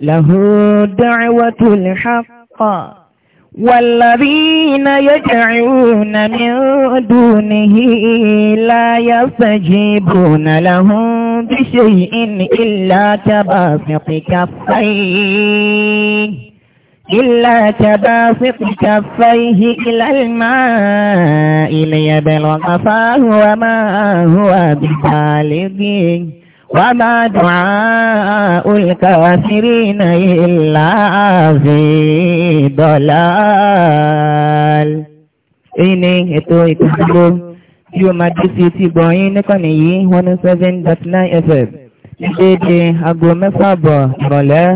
له دعوة الحق والذين يدعون من دونه لا يستجيبون لهم بشيء إلا تباسط كفيه إلا تباسط كفيه إلى الماء ليبلغ فاه وما هو بخالقه وما دعاء الكافرين إلا في ضلال èyí ni ètò ìpínlẹ̀ tí ó máa dé sí ti gbọ̀nyìn níkànnì yìí 107.9 FM ìdédé aago mẹ́fà bọ̀ ìrọ̀lẹ́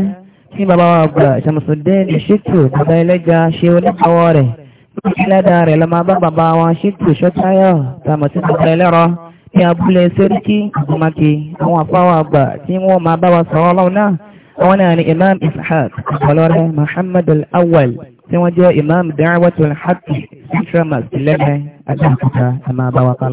tí bàbá wa gbà ìṣàmùsùndé ní ṣètò bàbá ẹlẹ́jà ṣe oníkàwọ́ rẹ̀ lọ́dà rẹ̀ lọ́mọ bá bàbá wa ṣètò ṣọ́táyọ̀ tàmọ̀tí bàbá ẹlẹ́rọ ní abúlé sẹ́ríkí àgbàmáke àwọn àfáwà àgbà tí wọ́n máa bá wa sọ̀rọ̀ ọlọ́run náà àwọn náà ni imam ishaq ọlọ́rẹ́ muhammad al-awwal tí wọ́n jẹ́ imam da'watul haqqi central mosque lẹ́gbẹ̀ẹ́ adáàkúta a máa bá wa ká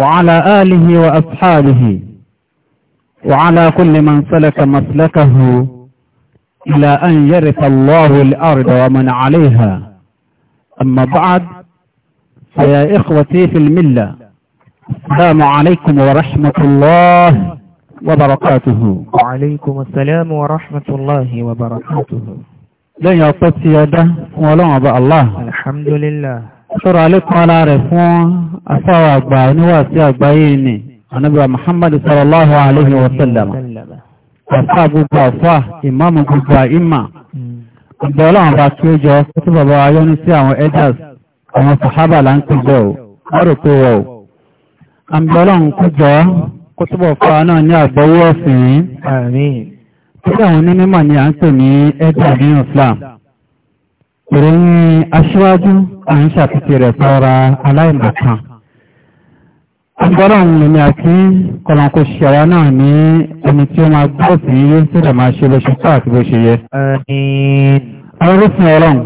wa ala alihi wa ashabihi وعلى كل من سلك مسلكه إلى أن يرث الله الأرض ومن عليها أما بعد فيا إخوتي في الملة السلام عليكم ورحمة الله وبركاته وعليكم السلام ورحمة الله وبركاته لا ọpẹ́ يده ọdá fún ọlọ́run ọba Allah. Alhamdulillah. Sọ́rọ̀ alékún aláàrẹ̀ fún afáwà àgbà oníwà anábíwa Muhammad sallallahu alaihi wasallam ọ̀fà gbogbo ọ̀fà ìmáàmù gbogbo àìmà ọ̀dọ́lọ́wọ̀n bá kí ó jọ tí bàbá ayọ́nú sí àwọn elders àwọn sàhábà láńkùnjẹ́ ò ọ̀rọ̀ pé wọ́ ò aṣíwájú à ń ṣàfihàn rẹ̀ sọ́ra Ọlọ́run ni àti kọlọ̀kọ̀ ṣẹ̀wá náà ní ẹni tí ó máa gbọ́ sí yóò sí rẹ̀ máa ṣe bó ṣe pàá àti bó ṣe yẹ. Ọlọ́rùn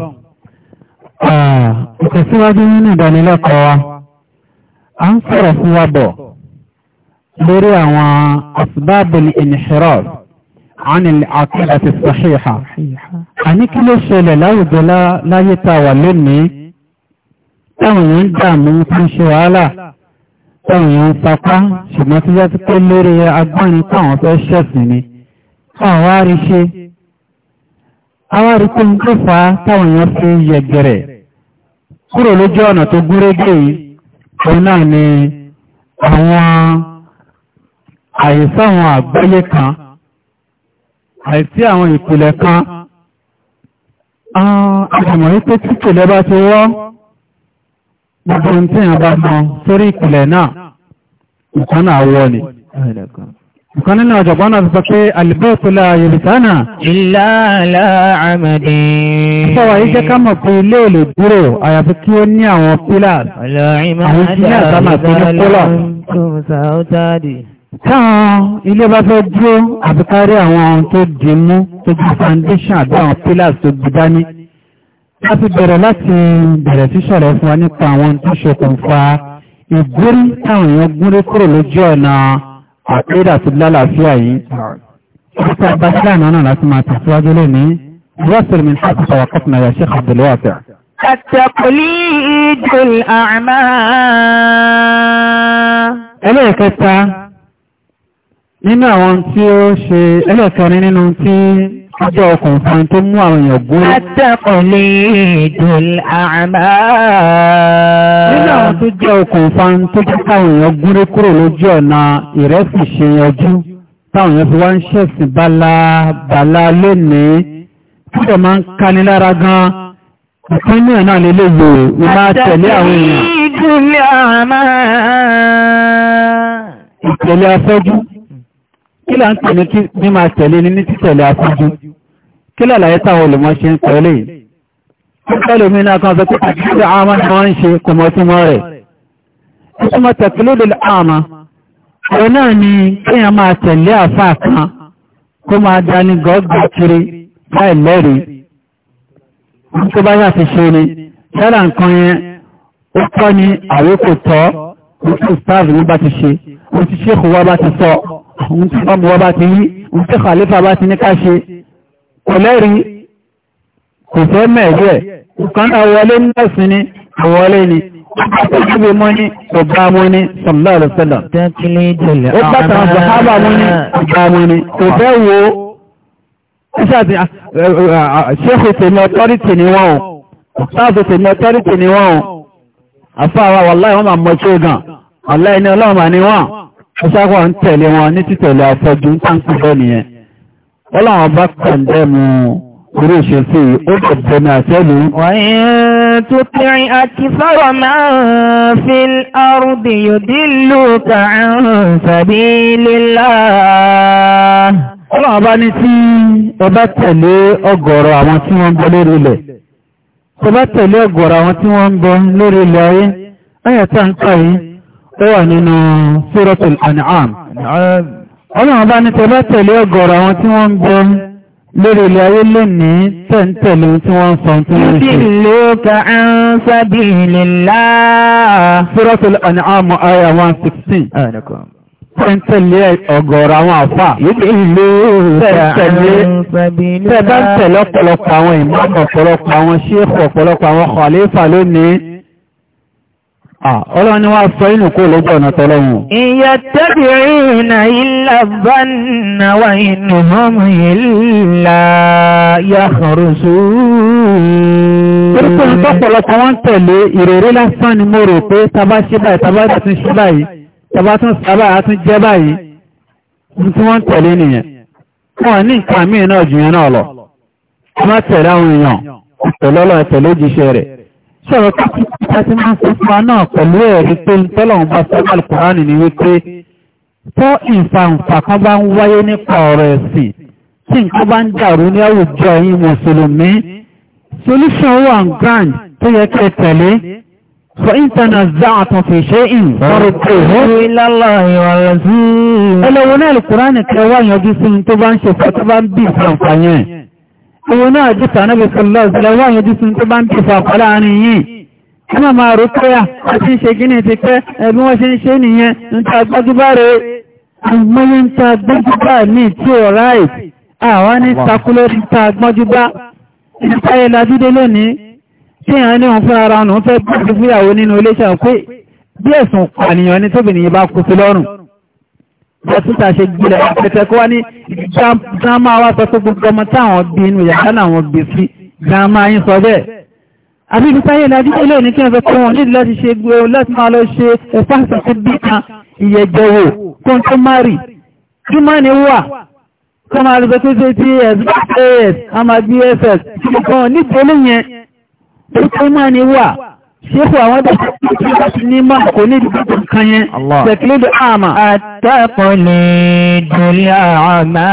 ìtẹ̀síwájú nínú ìdánilẹ́kọ̀ọ́ wa, a ń sọ̀rọ̀ fún wa bọ̀ lórí àwọn asbábìl inhiraf عن العقيدة الصحيحة. Àní kí ló ṣẹlẹ̀ láwùjọ láyé ta wà lónìí, táwọn èèyàn dààmú ṣe wàhálà táwọn èèyàn ń sapá ṣùgbọ́n tí wọ́n ti pé lórí agbọ́nrin táwọn fẹ́ ṣẹ̀sìn ni táwọn wá rí ṣe àwọn rí pé ń tó fa táwọn èèyàn fi yẹ̀gẹ̀rẹ̀ kúrò lójú ọ̀nà tó gúnrégé yìí òun náà ni àwọn àìsáwọn àgbáyé kan àìsí àwọn ìpìlẹ̀ kan àwọn àjùmọ̀ wípé títò lẹ́bàá ti wọ́ gbogbo ń tí a bá mọ sórí ìpìlẹ̀ náà nǹkan náà wọ́ ni nǹkan nínú ọ̀jọ̀gbọ́n náà sọ pé alìbẹ́ẹ̀kúlá yorùbá ìlàlá àmàdì sọ́wọ́ yìí jẹ́ ká mọ̀ pé ilé èlò dúró àyàfi kí ó ní àwọn pílàs àwọn pílàs àmà tó ní pólọ̀ táwọn ilé bá fẹ́ dúró àbíkárí àwọn tó dì mú tó di foundation àbí àwọn pílàs tó gbìdání a ti bẹ̀rẹ̀ láti bẹ̀rẹ̀ sí sọ̀rọ̀ fún wa nípa àwọn tó ṣokùnfà ìgúrí táwọn èèyàn gúnrí kúrò lójú ọ̀nà àkídà tó lálàáfíà yìí ọ̀pọ̀ àbáṣílà náà láti máa tẹ̀síwájú lónìí rọ́sìlì mi láti sọ̀rọ̀ kọ́pìnà yà ṣe àbẹ̀lẹ́wàfẹ́ التقليد الأعمى ẹlẹ́ẹ̀kẹta nínú àwọn tí ó ṣe ẹlẹ́ẹ̀kẹrin nínú tí ọjọ́ ọkùn kan tó mú àwọn èèyàn gúrú. Àtẹ́kọ̀lé ìdùn àmà. Nígbà àwọn tó jẹ́ ọkùn kan tó jẹ́ káwọn èèyàn gúrú kúrò lójú ọ̀nà ìrẹ́sì ṣe yanjú táwọn èèyàn fi wá ń ṣẹ̀sìn bálá lónìí. Fúdọ̀ máa ń kani lára gan. Ìpínlẹ̀ náà lè lè lò ó máa tẹ̀lé àwọn èèyàn. Ìdùn àmà. Ìtẹ̀lé afẹ́jú. Kí kí lálàyé táwọn olùmọ̀ ṣe ń pẹ̀ lè pẹ́lòmínà kan sọ pé àjíjẹ́ àmà ni wọ́n ń ṣe kò mọ́ sí mọ́ rẹ̀ ìtumọ̀ tẹ̀kìlódì àmà ọ̀rọ̀ náà ni kíyàn máa tẹ̀lé àfà kan kó máa dání gọ́ọ̀gbà kiri láì lẹ́rìí tó bá yàtì kò lẹ́rí kò fẹ́ mẹ́ẹ̀ẹ́ kan àwọlé nọ́ọ̀sì ni àwọlé ni Àkọ́bí mọ́ ní ọba mọ́ ní sallallahu alaihi wasallam. Ó bàtà sàhábà mọ́ ní ọba mọ́ ní. Kò fẹ́ wo ṣáàtì ṣéèkì o. Ṣáàtì tèmi ọtọ́rìtì ni o. Àfáàwà wàláì wọ́n máa mọ́ tí ó gàn. Wàláì ní ọlọ́run mà ní wọ́n. Ó ṣáàkọ̀ ń wọ́n láwọn bá kàndẹ́mù orí ìṣẹ́sí ó bẹ̀bẹ̀ ní àṣẹ́lú. wọ́n tó pẹ̀rin àti fọ́rọ̀ máa ń fi ọrùdì yóò dìlú kàrùn tàbí lílá. ọlọ́wọ́ bá ní tí ẹ bá tẹ̀lé ọgọ̀rọ̀ àwọn tí wọ́n ń bọ́ lórí ilẹ̀ ayé ayàtà ń kà ó wà nínú Suratul An'am ọlọ́run bá ní tẹ́lá tẹ̀lé ọgọ̀rọ̀ àwọn tí wọ́n ń bẹ lórí ilẹ̀ ayé lónìí tẹ̀ǹtẹ̀lé tí wọ́n ń sọ tí wọ́n ń ṣe. ibi ló ka ń sábì nílá. Suratul An'am aya one sixteen. tẹ̀ǹtẹ̀lé ọgọ̀rọ̀ àwọn àfà. ibi ló ka ń sábì nílá. tẹ̀bá ń tẹ̀lé ọ̀pọ̀lọpọ̀ àwọn ìmọ̀ ọ̀pọ̀lọpọ̀ àwọn ṣéèkù ọ̀pọ̀lọpọ̀ àwọn Ọlọ́run ni wá sọ inú kó lójú ọ̀nà tọ́lọ́run. Iyattabi'una illa dhanna wa innahum illa yakhrusun. Kírkùn tọ́pọ̀lọpọ̀ wọ́n tẹ̀lé ìrèrè lásán ni mo rò pé tàbá ṣe báyìí, tàbá wọ́n tẹ̀lé nìyẹn tàbí máa sọ fún wa náà pẹ̀lú ẹ̀rí pé tọ́lọ̀un bá sọ́kà alkùnránì ni wípé tọ́ ìfàǹfà kan bá ń wáyé nípa ọ̀rọ̀ ẹ̀sìn tí nǹkan bá ń dàrú ní àwùjọ yìí mùsùlùmí solution wà ń grand tó yẹ kẹ́ tẹ̀lé for internet záàtàn fi ṣe ìn sọ́rọ̀ tó ẹlẹ́wọ̀n náà alkùnránì kẹwàá yanjú sí tó náà jẹ́ tànàbẹ̀ ẹmà máa rò kẹ́yà àti ṣe gíní ti pẹ́ ẹbí wọ́n ṣe ń ṣe nìyẹn níta gbájúbá rẹ̀ àgbọ́yé níta gbájúbá ní tí ó ráì àwọn ní takulé níta gbájúbá ìtayẹ lajúdé lónìí tí ìhàn ní wọn fúnra ọ̀nà fẹ́ gbájú fúyàwó nínú iléeṣẹ́ pé bí ẹ̀sùn pànìyàn ní tóbìnrin àbí ibi táyé láti ilé ìní kí wọ́n fẹ́ kọ́ wọn nílùú láti ṣe gbé o láti máa lọ ṣe ẹ̀fáàsì sí bí kan ìyẹ̀jẹ̀wò tó ń tó márì kí má ní wà kọ́ máa rí pẹ́kú sí tí as as ṣùgbọ́n nítorí tó má ní wà Ṣéfù àwọn dàgbà ti ní máa kò ní ìdìbò kan yẹn, Ṣẹ̀kìlédò àmà. Àtàkùnlé dòlí àmà.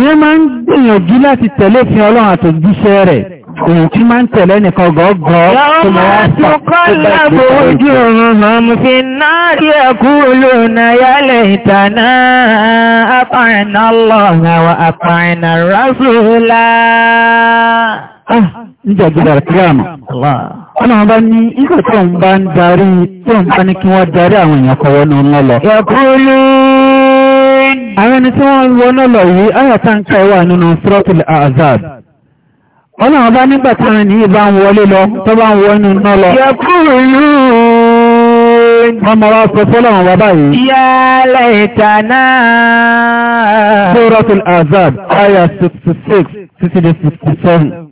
Ìyẹn máa ń gbìyànjú láti tẹ̀lé fi ọlọ́run àtòjíṣẹ́ rẹ̀. Èyàn tí máa ń tẹ̀lé níjà gbígbà kíláàmù. ọlọ́run bá ní nígbà tó ń bá ń darí tó ń bá ní kí wọ́n darí àwọn èèyàn kọ́wọ́ ní ọ̀nà lọ. yàkúlù. àwọn ẹni tí wọ́n ń wọnà lọ yìí ayọ̀tá ń ká ẹwà nínú suratul azab. ọlọ́run bá nígbà tí wọ́n ní bá ń wọlé lọ tó bá ń wọnú náà lọ. yàkúlù. wọ́n mọ̀ wá sọ fọ́lọ́run bàbá yìí. yálẹ̀ ìtànà. suratul azab ayah sixty six sixty six sixty seven.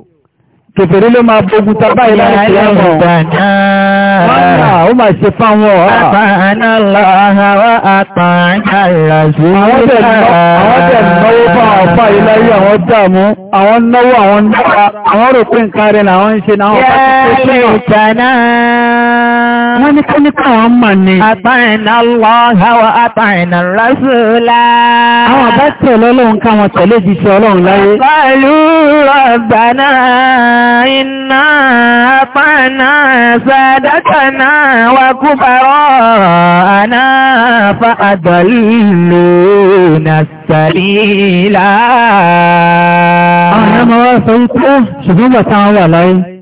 Kèfèrè ló máa bogun tàbá ìlànà Àwọn dàmú, àwọn náwó àwọn náà, àwọn rò pé nǹkan rẹ̀ làwọn ń ṣe náà. Yẹ́ Wọ́n ní kí ní káwọn mọ̀ ni. Àtàrínà lọ́ha wa àtàrínà rásùlá. Àwọn àbá tẹ̀lé ọlọ́run káwọn tẹ̀lé jíṣẹ́ ọlọ́run láyé. Pẹ̀lú rọ̀bàná iná àpáàná sàdákàná wa kúbàrọ̀ àná fa àdọ̀lù nàṣàlílá. Àwọn ọmọ wa sọ wípé ṣùgbọ́n bàtà wà láyé.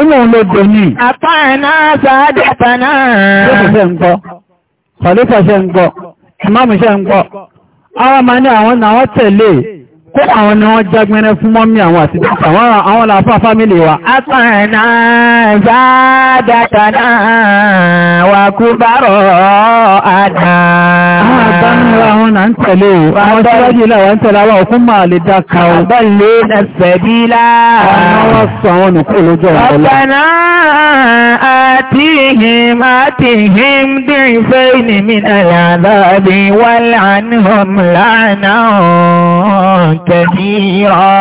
Ọlọ́run ló dẹ̀ ní. Àpáàná sàádẹ́pàná. Ṣé ń gbọ́? Kọ̀lífà ṣe ń gbọ́? Ìmáàmù ṣe ń gbọ́? Àwọn máa ní àwọn náà wọ́n tẹ̀lé kó àwọn ni wọ́n jágbẹ́rẹ́ fún mọ́mí àwọn àti dáta wọ́n ra àwọn làáfà fámílì wa. Àpáàná sàádẹ́pàná wà kú bárọ̀ àdá. Àwọn àgbáńlá àwọn náà ń tẹ̀lé o. Àwọn sọ àwọn nùkú lójọ́ ọ̀pọ̀lọ́. Ọ̀pẹ̀nà àtìhìm àtìhìm dìrín fẹ́ ní mìnà àdáàbí wà láàánúhùn láàánà kẹ̀kìrọ̀.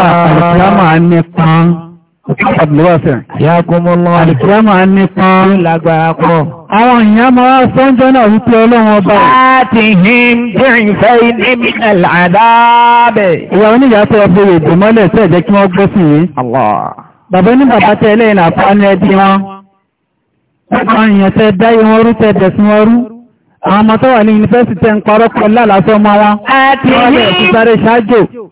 Àpẹ̀lẹ̀ Abdulwasa. Ya kó mọ́ lọ́wọ́. Àlìkíyàmà ní pán. Ó lágbára pọ̀. Àwọn èèyàn máa sọ́njọ́ náà wípé ọlọ́run ọba. Láti him bírin fẹ́ ní Mínàlá àdáàbẹ̀. Ìwà oníyàtọ̀ ọ̀fẹ́ èdè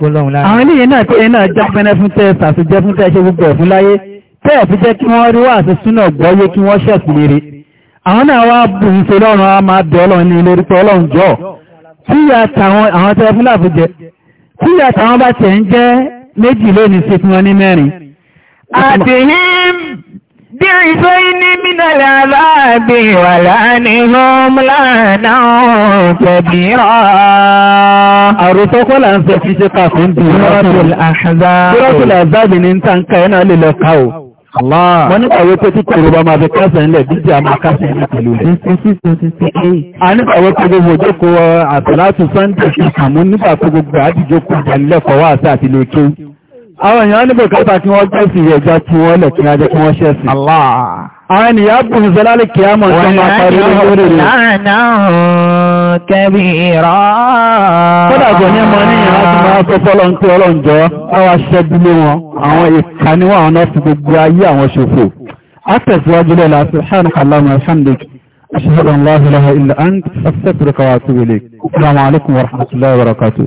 kó lọ́run láàrin. àwọn eléyìí náà já pẹ́nẹ́ fún tẹ́ sàtúnjẹ́ fún tẹ́ ṣe gbogbo ẹ̀ fún láyé tẹ́ ẹ̀ fi jẹ́ kí wọ́n rí wàásù súnà gbọ́yé kí wọ́n ṣẹ̀sì lére. àwọn náà wá bù ń ṣe lọ́run á máa bẹ̀ ọlọ́run ní lórí pé ọlọ́run jọ tíyà táwọn àwọn tẹ́ fún làbújẹ tíyà táwọn bá tẹ̀ ń jẹ́ méjì lónìí ṣe fún wọn ní mẹ́rin. àdéhìn Dìrìsọ́ iní mínàlẹ̀ aláàbí wà láàánihùn láàánà tẹ̀bí rọ̀. Àrùsọ kọ́ là ń sọ fi ṣe kàkó ń dùn rọ́tùl àṣàzá. Rọ́tùl àṣàbì ní ń tàn káyẹ́ náà lè lọ ká o. Wọ́n nígbàwé pé tí kòrò bá máa fi kásẹ̀ ńlẹ̀ díjẹ́ àmà kásẹ̀ ní pẹ̀lú rẹ̀. A àwọn èèyàn ní bùkátà kí wọ́n gbẹ́sì ẹja tí wọ́n lẹ̀ kí ajẹ́ kí wọ́n ṣẹ́sì àwọn ènìyàn bù ní sọ́lá lè kí á mọ̀ sí máa parí lórí rẹ̀ kódà gbọ́ ní ọmọ níyàn láti máa sọ fọ́lọ́ ń pé ọlọ́njọ́ àwọn aṣẹ́bílé wọn àwọn ìkàníwà àwọn náà fi gbogbo ayé àwọn ṣòfò àtẹ̀síwájú lọ́la subhanaka allahumma alhamdik ashhadu an la ilaha illa ant astaghfiruka wa atubu ilayk assalamu alaikum wa rahmatullahi wa barakatuh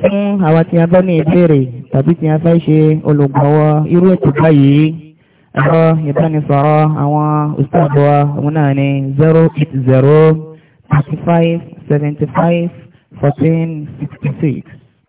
fún àwọn tí a bá ní ìbéèrè tàbí tí a fẹ́ ṣe olùgbọ̀wọ́ irú ètò báyìí ẹ̀rọ ìbánisọ̀rọ̀ àwọn òṣìṣẹ́ àwọn náà ni 080 35 75 14 66